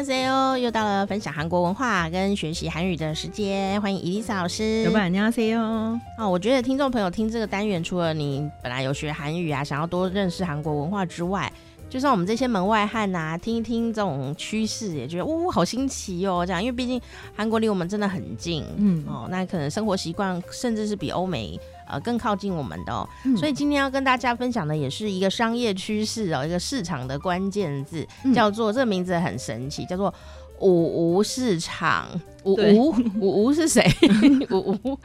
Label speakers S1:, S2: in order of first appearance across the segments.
S1: 大家好，又到了分享韓國文化跟學習韓語的時間，歡迎伊麗莎老師。老闆你好，大家好，啊，我覺得聽眾朋友聽這個單元，除了你本來有學韓語啊，想要多認識韓國文化之外，就像我們這些門外漢吶、啊，聽一聽這種趨勢，也覺得嗚、哦、好新奇哦，這樣，因為畢竟韓國離我們真的很近，嗯，哦，那可能生活習慣甚至是比歐美呃更靠近我們的哦，嗯、所以今天要跟大家分享的也是一個商業趨勢哦，一個市場的關鍵字、嗯、叫做這個名字很神奇，叫做五無市場，五無對五無五無是誰？ 五無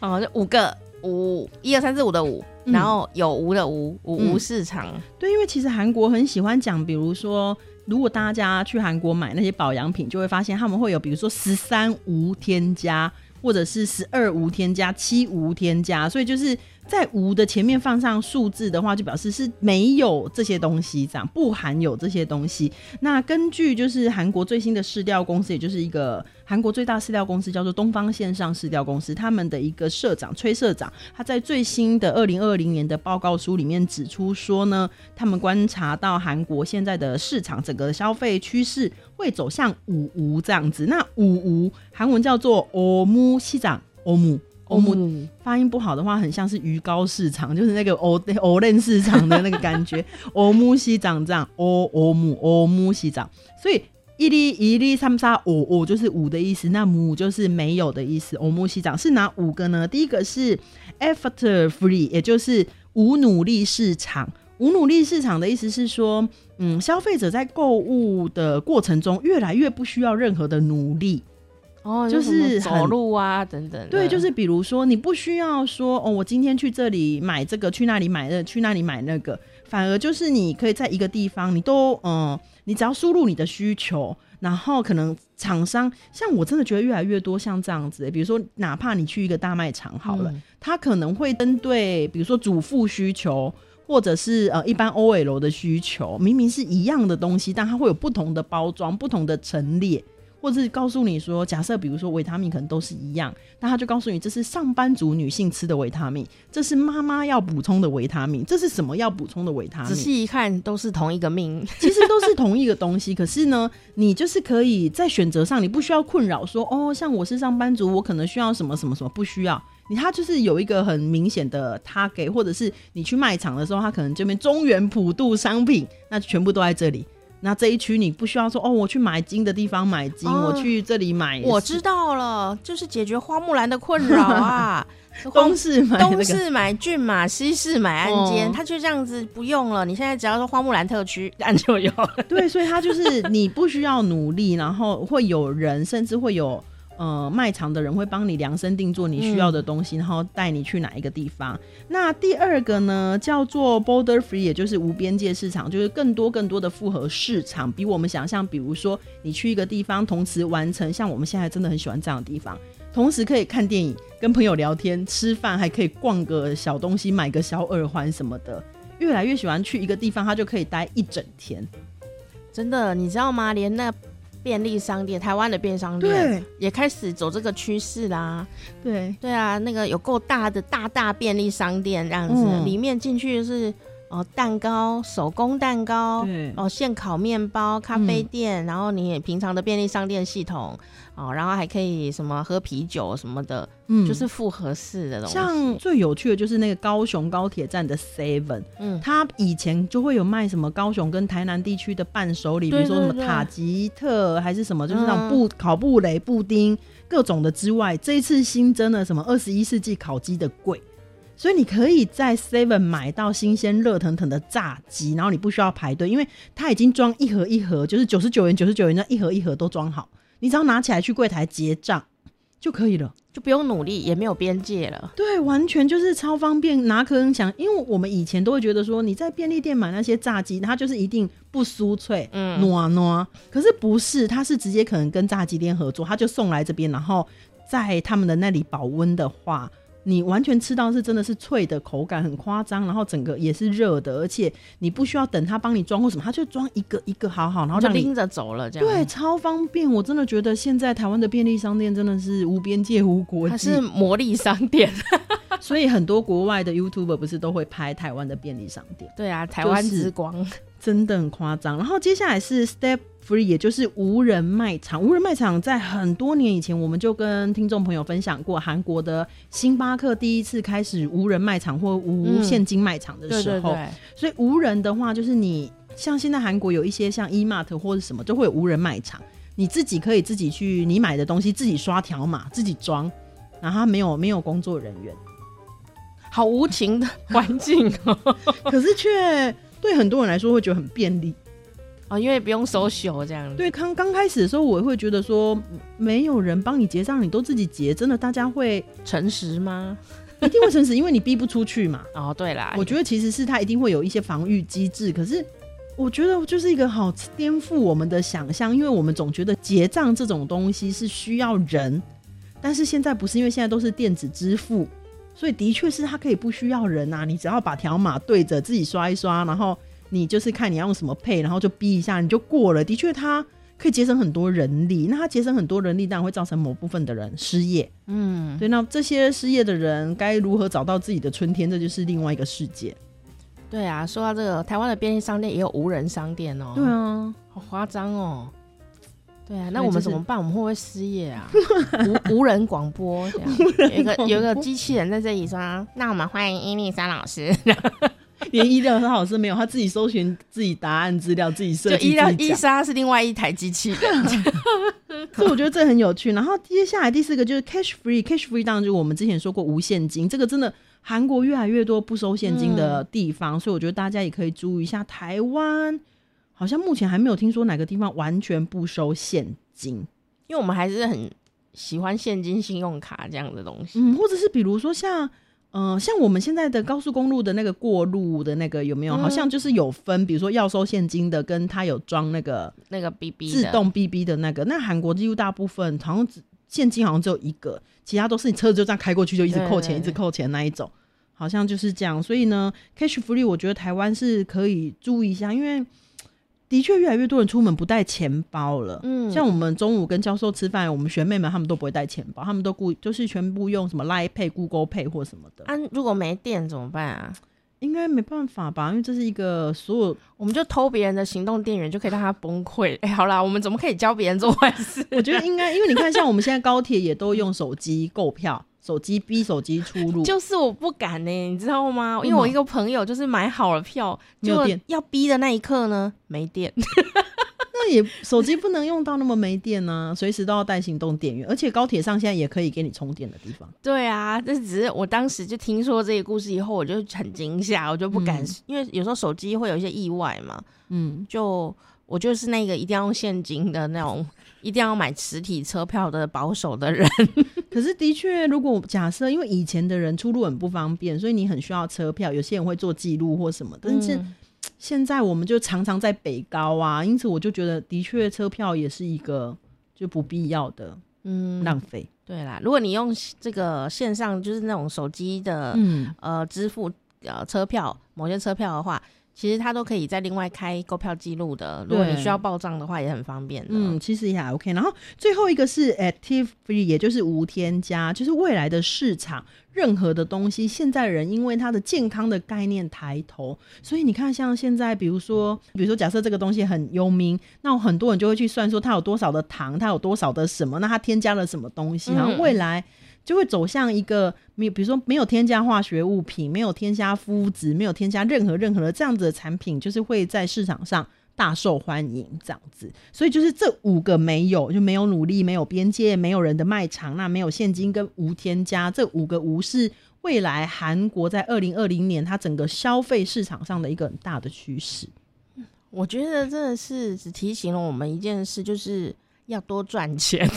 S2: 哦，五個五，一二三四五的五。然後有無的無無、嗯、無市場，對，因為其實韓國很喜歡講，比如說，如果大家去韓國買那些保養品，就會發現他們會有比如說十三無添加，或者是十二無添加、七無添加，所以就是在無的前面放上數字的話，就表示是沒有這些東西，這樣不含有這些東西。那根據就是韓國最新的市調公司，也就是一個。韓國最大飼料公司叫做東方線上飼料公司，他們的一個社長崔社長，他在最新的二零二零年的報告書裡面指出說呢，他們觀察到韓國現在的市場整個消費趨勢會走向五無這樣子。那五無韓文叫做歐姆西長，歐姆歐姆，嗯、發音不好的話很像是魚糕市場，就是那個歐歐嫩市場的那個感覺，歐姆西長這樣，歐歐姆歐姆西長，所以。一粒一粒三三五五就是五的意思，那五就是沒有的意思。五無市場是哪五個呢？第一個是 effort-free，也就是無努力市場。無努力市場的意思是說，嗯，消費者在購物的過程中越來越不需要任何的努力，哦，就是走路啊很等等。對，就是比如說，你不需要說哦，我今天去這裡買這個，去那裡買那，去那裡買那個。反而就是你可以在一個地方，你都嗯，你只要輸入你的需求，然後可能廠商，像我真的覺得越來越多像這樣子。欸，比如說哪怕你去一個大賣場好了，嗯、它可能會針對比如說主婦需求，或者是呃、嗯、一般 OL 的需求，明明是一樣的東西，但它會有不同的包裝、不同的陳列。或者是告訴你說，假設比如說維他命可能都是一樣，那他就告訴你這是上班族女性吃的維他命，這是媽媽要補充的維他命，這是什麼要補充的維他命？仔細一看都是同一個命， 其實都是同一個東西。可是呢，你就是可以在選擇上，你不需要困擾說哦，像我是上班族，我可能需要什麼什麼什麼，不需要你。他就是有一個很明顯的，target 或者是你去賣場的時候，他可能這邊中元普渡商品，那全部都在這裡。那這一區你不需要說哦，我去買金的地方買金，啊、我去這裡買。我知
S1: 道了，就是解決花木蘭的困擾啊！ 東市買、這個、東市買駿馬，西市買鞍韉，哦、他就這樣子不用了。
S2: 你現在只要說花木蘭特區，按、嗯、就有。對，所以他就是你不需要努力， 然後會有人，甚至會有。呃，賣場的人會幫你量身定做你需要的東西，嗯、然後帶你去哪一個地方。那第二個呢，叫做 border free，也就是無邊界市場，就是更多更多的複合市場。比我們想象，比如說你去一個地方，同時完成像我們現在真的很喜歡這樣的地方，同時可以看電影、跟朋友聊天、吃飯，還可以逛個小東西、買個小耳環什麼的。越來越喜歡去一
S1: 個地方，它就可以待一整天。真的，你知道嗎？連那個。便利商店，台灣的便利商店對也開始走這個趨勢啦。對對啊，那個有夠大的大大便利商店，這樣子，嗯、裡面進去是。哦，蛋糕手工蛋糕，對哦，現烤麵包咖啡店，嗯、然後你也平常的便利商店系統，嗯、哦，然後還可以什麼喝啤酒什麼的，嗯，就是複合式的東西。像
S2: 最有趣的就是那個高雄高鐵站的 Seven，嗯，它以前就會有賣什麼高雄跟台南地區的伴手禮，對對對，比如說什麼塔吉特還是什麼，就是那種布、嗯、烤布雷布丁各種的之外，這一次新增了什麼二十一世紀烤雞的櫃。所以你可以在 Seven 買到新鮮熱騰騰的炸雞，然後你不需要排隊，因為它已經裝一盒一盒，就是九十九元九十九元，這樣一盒一盒都裝好，你只要拿起來去櫃台結賬就可以了，
S1: 就不用努力，也沒有邊界
S2: 了。對，完全就是超方便。哪可能想？因為我們以前都會覺得說，你在便利店買那些炸雞，它就是一定不酥脆，嗯暖暖。可是不是，它是直接可能跟炸雞店合作，它就送來這邊，然後在他們的那裡保溫的話。你完全吃到是真的是脆的，口感很誇張，然後整個也是熱的，而且你不需要等他幫你裝或什麼，他就裝一個一個好好，然後就拎着走了這樣。對，超方便，我真的覺得現在台灣的便利商店真的是無邊界無國界，它是魔力商店。 所以很多國外的 YouTuber 不是都會拍台灣的便利商店？對啊，台灣之光，就是，真的很誇張。然後接下來是 Step 3，也就是無人賣場。無人賣場在很多年以前，我們就跟聽眾朋友分享過，韓國的星巴克第一次開始無人賣場或無現金賣場的時候。嗯、對對對，所以無人的話，就是你像現在韓國有一些像 E Mart 或者什麼，都會有無人賣場，你自己可以自己去，你買的東西自己刷條碼，自己裝，然後沒有沒有工作人員。好無情的環境哦、喔， 可是卻對很多人來說會覺得很便利啊、哦，因為不用手洗哦，這樣子。對，剛剛開始的時候，我會覺得說沒有人幫你結賬，你都自己結，真的大家會誠實嗎？一定會誠實， 因為你逼不出去嘛。哦，對啦，我覺得其實是他一定會有一些防禦機制， 可是我覺得就是一個好顛覆我們的想象，因為我們總覺得結賬這種東西是需要人，但是現在不是，因為現在都是電子支付。所以的確是他可以不需要人啊，你只要把條碼對着自己刷一刷，然後你就是看你要用什麼 pay，然後就逼一下你就過了。的確，它可以節省很多人力，那它節省很多人力，但會造成某部分的人失業。嗯，對，那這些失業的人該如何找到自己的春天？這就是另外一個世界。
S1: 對啊，說到這個，台灣的便利商店也有無人商店哦、喔。對啊，好誇張哦。對啊，那我們怎麼辦？我們會不會失業啊？ 無無人廣播，對啊。無人廣播有，有一個有一個機器人在這裡說：“那我們歡迎伊麗莎老師。” 連伊麗莎老師沒有，他自
S2: 己搜尋自己答案資料，自己設計。伊麗伊莎是另外一台機器的。所以我覺得這很有趣。然後接下來第四個就是 free, cash free，cash free 當然就是我們之前說過無現金。這個真的韓國越來越多不收現金的地方，嗯、所以我覺得大家也可以注意一下台灣。好像目前還沒有聽說哪個地方完全不收現金，因為我們還是很喜歡現金、信用卡這樣的東西。嗯，或者是比如說像，嗯、呃，像我們現在的高速公路的那個過路的那個有沒有？嗯、好像就是有分，比如說要收現金的，跟他有裝那個
S1: 那個 B B 自動 B
S2: B 的那個。那韓國幾乎大部分好像只現金，好像只有一個，其他都是你車子就這樣開過去就一直扣錢，對對對，一直扣錢那一種，好像就是這樣。所以呢，Cash Free，我覺得台灣是可以注意一下，因為。的確，越來越多人出門不帶錢包了。嗯，像我們中午跟教授吃飯，我們學妹們她們都不會帶錢包，她們都故意就是全部用什麼 Line Pay、Google Pay 或什麼的。啊，如果沒電怎麼辦啊？應該沒辦法吧？因為這是一個
S1: 所有，嗯、我們就偷別人的行動電源就可以讓他崩潰。哎、 欸，好啦，我們怎麼可以教別人做壞事、啊？ 我覺得應該，因為你看，像我
S2: 們現在高鐵也都用手機購票。嗯手機逼手機出入，就是我不敢呢、欸，你知道嗎？因為我一個朋友就是買好了票，就、嗯、
S1: 要逼的那一刻呢，
S2: 沒電。 那也手機不能用到那麼沒電呢、啊，隨 時都要帶行動電源，而且高鐵上現在也可以給你充電的地方。
S1: 對啊，這只是我當時就聽說這個故事以後，我就很驚嚇，我就不敢，嗯、因為有時候手機會有一些意外嘛。嗯，嗯，就我就是那個一定要用現金的那種，一定要買實體車票的保守的
S2: 人。可是的確，如果假設，因為以前的人出入很不方便，所以你很需要車票，有些人會做記錄或什麼。但是現在我們就常常在北高啊，因此我就覺得的確車票也是一個就不必要的嗯浪費。對啦，如果你用這個線上就是那
S1: 種手機的、嗯、呃支付呃車票某些車票的話。其實他都可以再另外開購票
S2: 記錄的，如果你需要報賬的話，也很方便。嗯，其實也還、yeah, OK。然後最後一個是 active free，也就是無添加，就是未來的市場，任何的東西，現在人因為它的健康的概念抬頭，所以你看，像現在比如說，比如說假設這個東西很有名，那很多人就會去算說它有多少的糖，它有多少的什麼，那它添加了什麼東西，然後未來。嗯就會走向一個沒，比如說沒有添加化學物品，沒有添加膚質，沒有添加任何任何的這樣子的產品，就是會在市場上大受歡迎，這樣子。所以就是這五個沒有，就沒有努力，沒有邊界，沒有人的賣場，那沒有現金跟無添加，這五個無是未來韓國在二零二零年它整個消費市場上的一個很大的趨勢。我
S1: 覺得真的是只提醒了我們一件事，就是要多賺錢。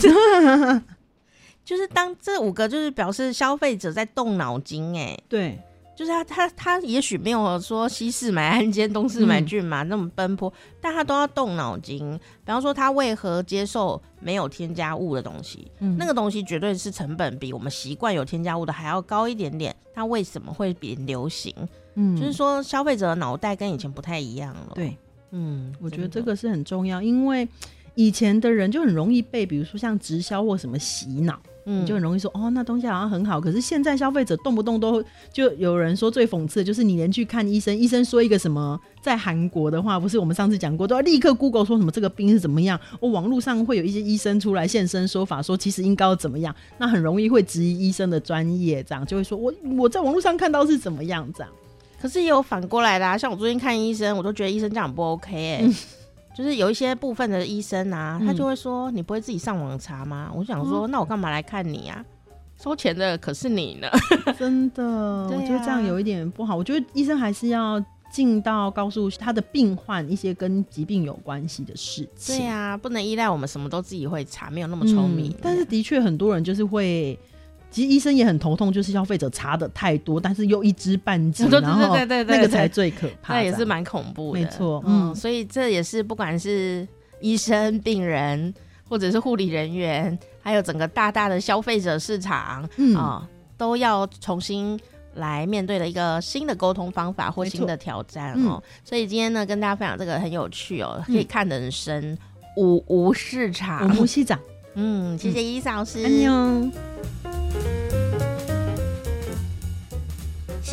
S1: 就是當這五個就是表示消費者在動腦筋哎、欸，對,就是他他他也許沒有說西市買鞍韉，東市買駿馬、嗯、那麼奔波，但他都要動腦筋。比方說他為何接受沒有添加物的東西，嗯、那個東西絕對是成本比我們習慣有添加物的還要高一點點，他為什麼會比流行？嗯，就是說消費者的腦袋跟以前不太
S2: 一樣了。對，嗯，我覺得這個是很重要，因為以前的人就很容易被比如說像直銷或什麼洗腦。你就很容易說哦，那東西好像很好，可是現在消費者動不動都會，就有人說最諷刺的就是你連去看醫生，醫生說一個什麼，在韓國的話，不是我們上次講過，都要立刻 Google 說什麼這個病是怎麼樣？我、哦、網絡上會有一些醫生出來現身說法，說其實應該怎麼樣，那很容易會質疑醫生的專業，這樣就會說我我在網絡上看到是怎麼樣這樣。可是也有反過來啦、啊，像我最近看醫生，
S1: 我都覺得醫生這樣不 OK 哎、欸。 就是有一些部分的醫生啊，他就會說：“嗯、你不會自己上網查嗎？”我想說：“嗯、那我幹嘛來看你啊？收錢的可是你呢。 ”
S2: 真的，啊、我覺得這樣有一點不好。我覺得醫生還是要盡到告訴他的病患一些跟疾病有關係的事情。
S1: 對啊，不能依賴我們什麼都自己會
S2: 查，沒有那麼聰明。嗯啊、但是的確，很多人就是會。其實醫生也很頭痛，就是消費者查得太多，但是又一知半解、嗯，然後那個才最可怕、啊，那也是
S1: 蠻恐怖的，沒錯錯，嗯，嗯所以這也是不管是醫生、病人，或者是護理人員，還有整個大大的消費者市場嗯、哦，都要重新來面對的一個新的溝通方法或新的挑戰、嗯、哦。所以今天呢，跟大家分享這個很有趣哦，可以看得很深，嗯、五無市場，無，無市長，嗯，謝謝醫生老師，嗯